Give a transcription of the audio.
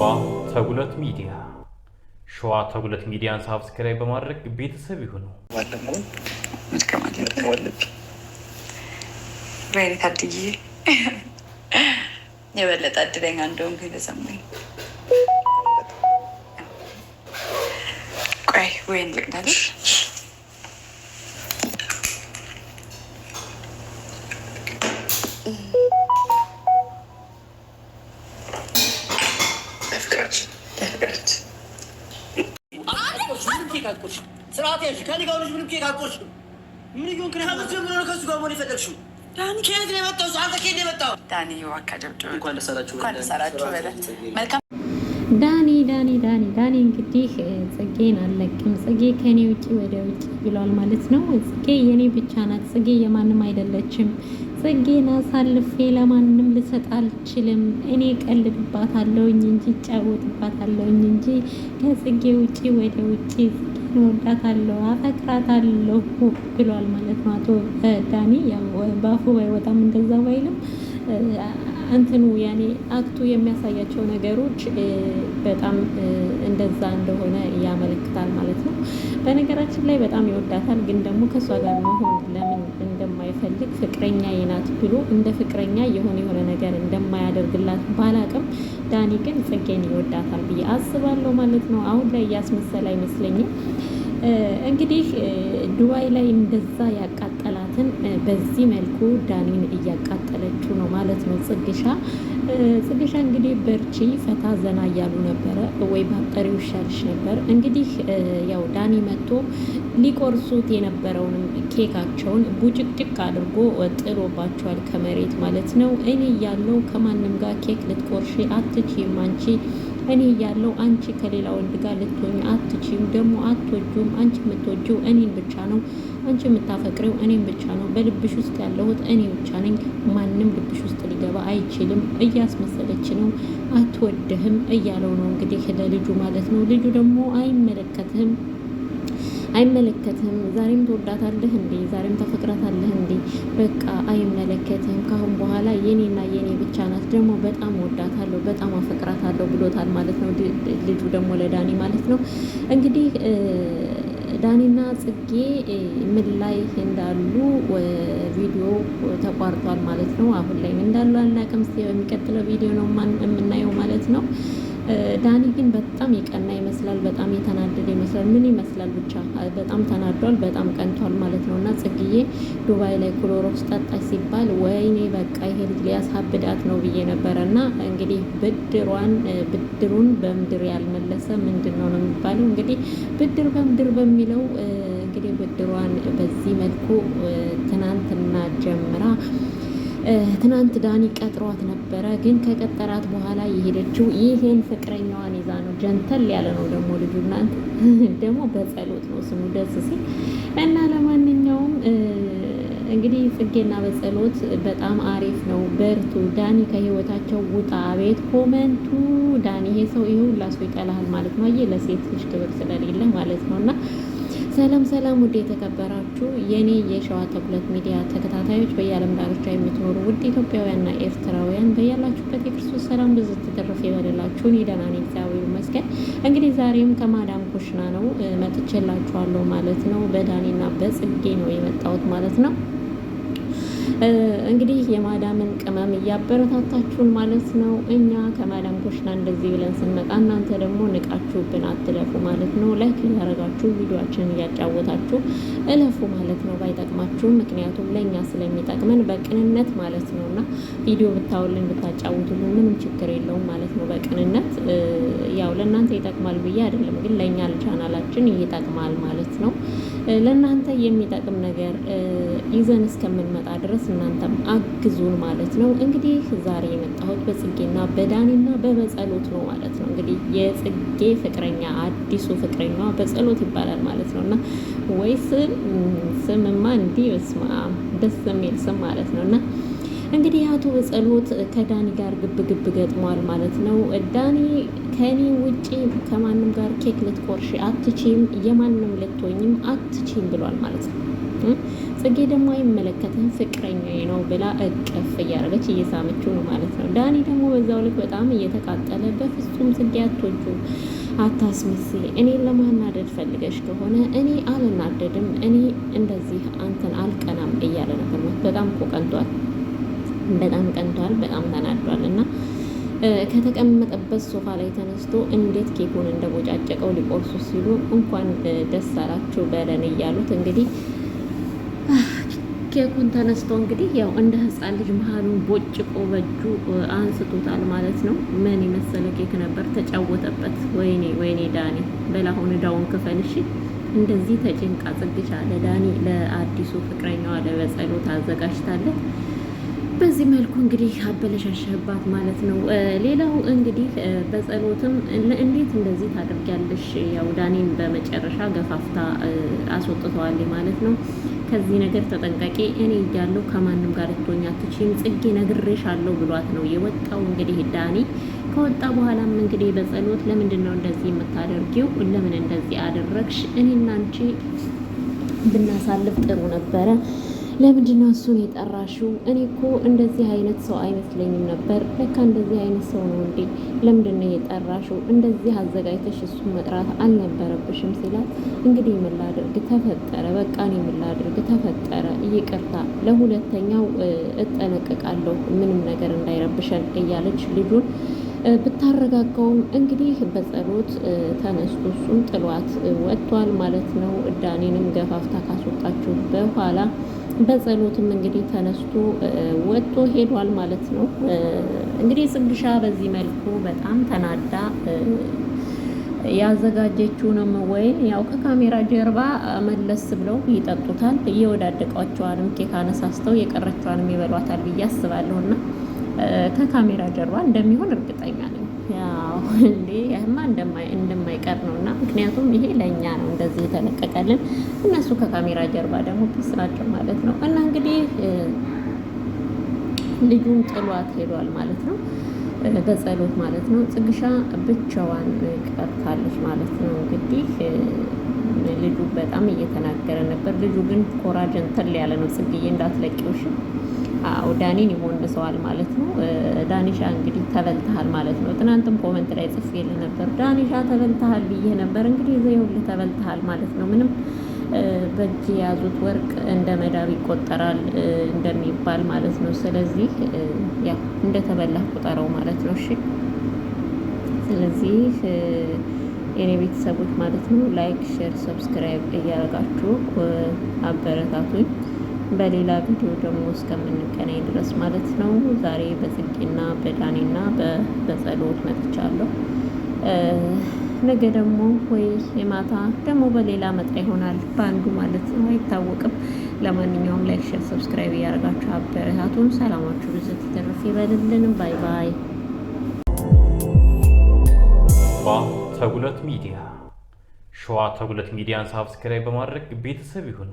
አባ ተጉለት ሚዲያ ሸዋ ተጉለት ሚዲያን ሳብስክራይብ በማድረግ ቤተሰብ ይሁኑ። የበለጠ እድለኛ እንደሆንኩ የተሰማኝ ቆይ ወይን ዳኒ ዳኒ ዳኒ ዳኒ እንግዲህ ጽጌን አለቅም ጽጌ ከኔ ውጭ ወደ ውጭ ብሏል ማለት ነው። ጽጌ የኔ ብቻ ናት። ጽጌ የማንም አይደለችም። ጽጌን አሳልፌ ለማንም ልሰጥ አልችልም። እኔ ቀልድባታለሁኝ እንጂ እጫወትባታለሁኝ እንጂ ከጽጌ ውጪ ወደ ውጪ ጽጌን ወዳታለሁ፣ አፈቅራታለሁ ብሏል ማለት ነው። አቶ ዳኒ በአፉ ባይወጣም እንደዛ ባይልም እንትኑ ያኔ አክቱ የሚያሳያቸው ነገሮች በጣም እንደዛ እንደሆነ ያመለክታል ማለት ነው። በነገራችን ላይ በጣም ይወዳታል፣ ግን ደግሞ ከእሷ ጋር መሆን ለምን እንደማይፈልግ ፍቅረኛ ይናት ብሎ እንደ ፍቅረኛ የሆነ የሆነ ነገር እንደማያደርግላት ባላቅም፣ ዳኒ ግን ጽጌን ይወዳታል ብዬ አስባለሁ ማለት ነው። አሁን ላይ እያስመሰለ አይመስለኝም። እንግዲህ ዱባይ ላይ እንደዛ ያቃጠላትን በዚህ መልኩ ዳኒን እያቃጠለችው ነው ማለት ነው ጽግሻ ጽግሻ እንግዲህ በርቺ ፈታ ዘና እያሉ ነበረ። ወይ ባጠሪው ይሻልሽ ነበር። እንግዲህ ያው ዳኒ መጥቶ ሊቆርሱት የነበረውንም ኬካቸውን ቡጭቅጭቅ አድርጎ ጥሎባቸዋል ከመሬት ማለት ነው። እኔ እያለው ከማንም ጋር ኬክ ልትቆርሺ አትችይም አንቺ እኔ እያለው አንቺ ከሌላ ወንድ ጋር ልትሆኝ አትችም፣ ደግሞ አትወጁም። አንቺ የምትወጂው እኔን ብቻ ነው። አንቺ የምታፈቅሪው እኔን ብቻ ነው። በልብሽ ውስጥ ያለሁት እኔ ብቻ ነኝ። ማንም ልብሽ ውስጥ ሊገባ አይችልም። እያስመሰለች ነው፣ አትወደህም እያለው ነው እንግዲህ ለልጁ ማለት ነው። ልጁ ደግሞ አይመለከትህም አይመለከትህም። ዛሬም ትወዳታለህ እንዴ? ዛሬም ታፈቅራታለህ እንዴ? በቃ አይመለከትህም። ካሁን በኋላ የኔና የኔ ብቻ ናት። ደግሞ በጣም ወዳታለሁ፣ በጣም አፈቅራታለሁ ብሎታል ማለት ነው። ልጁ ደግሞ ለዳኒ ማለት ነው እንግዲህ ዳኒና ጽጌ ምን ላይ እንዳሉ ቪዲዮ ተቋርጧል ማለት ነው። አሁን ላይ እንዳሉ አናውቅም። የሚቀጥለው ቪዲዮ ነው የምናየው ማለት ነው። ዳኒ ግን በጣም የቀና ይመስላል። በጣም የተናደደ ይመስላል። ምን ይመስላል ብቻ በጣም ተናዷል። በጣም ቀንቷል ማለት ነው። እና ጽግዬ ዱባይ ላይ ክሎሮክስ ጠጣች ሲባል ወይኔ በቃ ይሄ ልጅ ሊያሳብዳት ነው ብዬ ነበረ። እና እንግዲህ ብድሯን ብድሩን በምድር ያልመለሰ ምንድን ነው ነው የሚባለው እንግዲህ ብድር በምድር በሚለው እንግዲህ ብድሯን በዚህ መልኩ ትናንትና ጀምራ ትናንት ዳኒ ቀጥሯት ነበረ። ግን ከቀጠራት በኋላ የሄደችው ይሄን ፍቅረኛዋን ይዛ ነው። ጀንተል ያለ ነው ደግሞ ልጁ። እናንተ ደግሞ በጸሎት ነው ስሙ ደስ ሲል እና ለማንኛውም እንግዲህ ጽጌና በጸሎት በጣም አሪፍ ነው። በርቱ ዳኒ፣ ከህይወታቸው ውጣ። አቤት ኮመንቱ ዳኒ፣ ይሄ ሰው ይሄ ሁላ ሰው ይጠላሃል ማለት ነው። አየህ ለሴት ልጅ ክብር ስለሌለ ማለት ነው። እና ሰላም ሰላም፣ ውድ የተከበራችሁ የኔ የሸዋ ተኩለት ሚዲያ ተከታዮች በየዓለም ዳርቻ የምትኖሩ ውድ ኢትዮጵያውያንና ኤርትራውያን በያላችሁበት የክርስቶስ ሰላም ብዙ ተተረፍ የበደላችሁን የደናን እግዚአብሔር ይመስገን። እንግዲህ ዛሬም ከማዳም ኩሽና ነው መጥቼላችኋለሁ ማለት ነው። በዳኔና በጽጌ ነው የመጣሁት ማለት ነው። እንግዲህ የማዳምን ቅመም እያበረታታችሁን ማለት ነው። እኛ ከማዳም ኮሽና እንደዚህ ብለን ስንመጣ እናንተ ደግሞ ንቃችሁብን አትለፉ ማለት ነው። ላይክ እያደረጋችሁ ቪዲዮችን እያጫወታችሁ እለፉ ማለት ነው። ባይጠቅማችሁም ምክንያቱም ለእኛ ስለሚጠቅመን በቅንነት ማለት ነው እና ቪዲዮ ብታውልን ብታጫውቱልን ምንም ችግር የለውም ማለት ነው። በቅንነት ያው ለእናንተ ይጠቅማል ብዬ አይደለም፣ ግን ለእኛ ቻናላችን ይጠቅማል ማለት ነው። ለእናንተ የሚጠቅም ነገር ይዘን እስከምንመጣ ድረስ ድረስ እናንተም አግዙን ማለት ነው። እንግዲህ ዛሬ የመጣሁት በጽጌና በዳኒና በመጸሎት ነው ማለት ነው። እንግዲህ የጽጌ ፍቅረኛ አዲሱ ፍቅረኛ በጸሎት ይባላል ማለት ነው እና ወይስ ስምማ እንዲህ ስማ ደስ የሚል ስም ማለት ነው እና እንግዲህ አቶ በጸሎት ከዳኒ ጋር ግብ ግብ ገጥሟል ማለት ነው። ዳኒ ከኔ ውጪ ከማንም ጋር ኬክ ልትቆርሺ አትችም፣ የማንም ልትሆኝም አትችም ብሏል ማለት ነው። ጽጌ ደግሞ አይመለከትም ፍቅረኛ ነው ብላ እቅፍ እያደረገች እየሳመችው ነው ማለት ነው። ዳኒ ደግሞ በዛው ልክ በጣም እየተቃጠለ በፍጹም ጽጌ አቶቹ አታስመስይ፣ እኔን ለማናደድ ፈልገሽ ከሆነ እኔ አልናደድም፣ እኔ እንደዚህ አንተን አልቀናም እያለ ነበር። በጣም እኮ ቀንቷል፣ በጣም ቀንቷል፣ በጣም ተናዷል እና ከተቀመጠበት ሶፋ ላይ ተነስቶ እንዴት ኬኩን እንደቦጫጨቀው ሊቆርሱ ሲሉ እንኳን ደስ አላችሁ በለን እያሉት እንግዲህ ኬኩን ተነስቶ እንግዲህ ያው እንደ ህፃን ልጅ መሀሉን ቦጭቆ በእጁ አንስቶታል ማለት ነው። ምን የመሰለ ኬክ ነበር፣ ተጫወተበት። ወይኔ ወይኔ ዳኒ በላሁን እዳውን ክፈል እሺ። እንደዚህ ተጭንቃ ጽግቻ ለዳኒ ለአዲሱ ፍቅረኛዋ ለበጸሎት አዘጋጅታለት በዚህ መልኩ እንግዲህ አበለሻሸህባት ማለት ነው። ሌላው እንግዲህ በጸሎትም እንዴት እንደዚህ ታደርጊያለሽ? ያው ዳኒን በመጨረሻ ገፋፍታ አስወጥተዋል ማለት ነው። ከዚህ ነገር ተጠንቀቂ፣ እኔ እያለሁ ከማንም ጋር ልትሆኛ ትችም፣ ጽጌ ነግሬሻለሁ ብሏት ነው የወጣው። እንግዲህ ዳኒ ከወጣ በኋላም እንግዲህ በጸሎት ለምንድን ነው እንደዚህ የምታደርጊው? ለምን እንደዚህ አደረግሽ? እኔና አንቺ ብናሳልፍ ጥሩ ነበረ ለምንድነው እሱን የጠራሽው? እኔ እኮ እንደዚህ አይነት ሰው አይመስለኝም ነበር። ለካ እንደዚህ አይነት ሰው ነው እንዴ? ነው የጠራሽው? እንደዚህ አዘጋጅተሽ እሱን መጥራት አልነበረብሽም ሲላት፣ እንግዲህ የምላደርግ ተፈጠረ፣ በቃ እኔ የምላደርግ ተፈጠረ፣ ይቅርታ፣ ለሁለተኛው እጠነቀቃለሁ፣ ምንም ነገር እንዳይረብሸን እያለች ልጁን ብታረጋጋውም እንግዲህ በጸሎት ተነስቶ እሱም ጥሏት ወጥቷል ማለት ነው። ዳኔንም ገፋፍታ ካስወጣችሁ በኋላ በጸሎትም እንግዲህ ተነስቶ ወጥቶ ሄዷል ማለት ነው። እንግዲህ ጽግሻ በዚህ መልኩ በጣም ተናዳ ያዘጋጀችውንም ወይን ያው ከካሜራ ጀርባ መለስ ብለው ይጠጡታል፣ እየወዳደቋቸዋንም ኬክ አነሳስተው የቀረችዋንም ይበሏታል ብዬ አስባለሁ እና ከካሜራ ጀርባ እንደሚሆን እርግጠኛ ነኝ። ያው እንዴ እህማ እንደማይቀር ነው እና ምክንያቱም ይሄ ለእኛ ነው እንደዚህ የተለቀቀልን። እነሱ ከካሜራ ጀርባ ደግሞ ፒስ ናቸው ማለት ነው። እና እንግዲህ ልጁን ጥሏት ሄዷል ማለት ነው፣ በጸሎት ማለት ነው። ጽግሻ ብቻዋን ቀርታለች ማለት ነው። እንግዲህ ልጁ በጣም እየተናገረ ነበር። ልጁ ግን ኮራጀንተል ያለ ነው። ጽግዬ እንዳትለቂውሽ አዎ ዳኒን ይሞንሰዋል ማለት ነው። ዳኒሻ እንግዲህ ተበልተሃል ማለት ነው። ትናንትም ኮመንት ላይ ጽፌልህ ነበር፣ ዳኒሻ ተበልተሃል ብዬ ነበር። እንግዲህ ይኸውልህ ተበልተሃል ማለት ነው። ምንም በእጅ የያዙት ወርቅ እንደ መዳብ ይቆጠራል እንደሚባል ማለት ነው። ስለዚህ ያው እንደተበላህ ቁጠረው ማለት ነው። እሺ ስለዚህ የኔ ቤተሰቦች ማለት ነው ላይክ፣ ሼር፣ ሰብስክራይብ እያደረጋችሁ አበረታቱኝ። በሌላ ቪዲዮ ደግሞ እስከምንገናኝ ድረስ ማለት ነው። ዛሬ በጽጌና በዳኔና በጸሎት መጥቻለሁ። ነገ ደግሞ ወይ የማታ ደግሞ በሌላ መጣ ይሆናል፣ በአንዱ ማለት ነው፣ አይታወቅም። ለማንኛውም ላይክ፣ ሸር፣ ሰብስክራይብ እያደረጋችሁ አበረታቱን። ሰላማችሁ ብዙ ትርፍ ይበልልን። ባይ ባይ። ተጉለት ሚዲያ ሸዋ ተጉለት ሚዲያን ሳብስክራይብ በማድረግ ቤተሰብ ይሁኑ።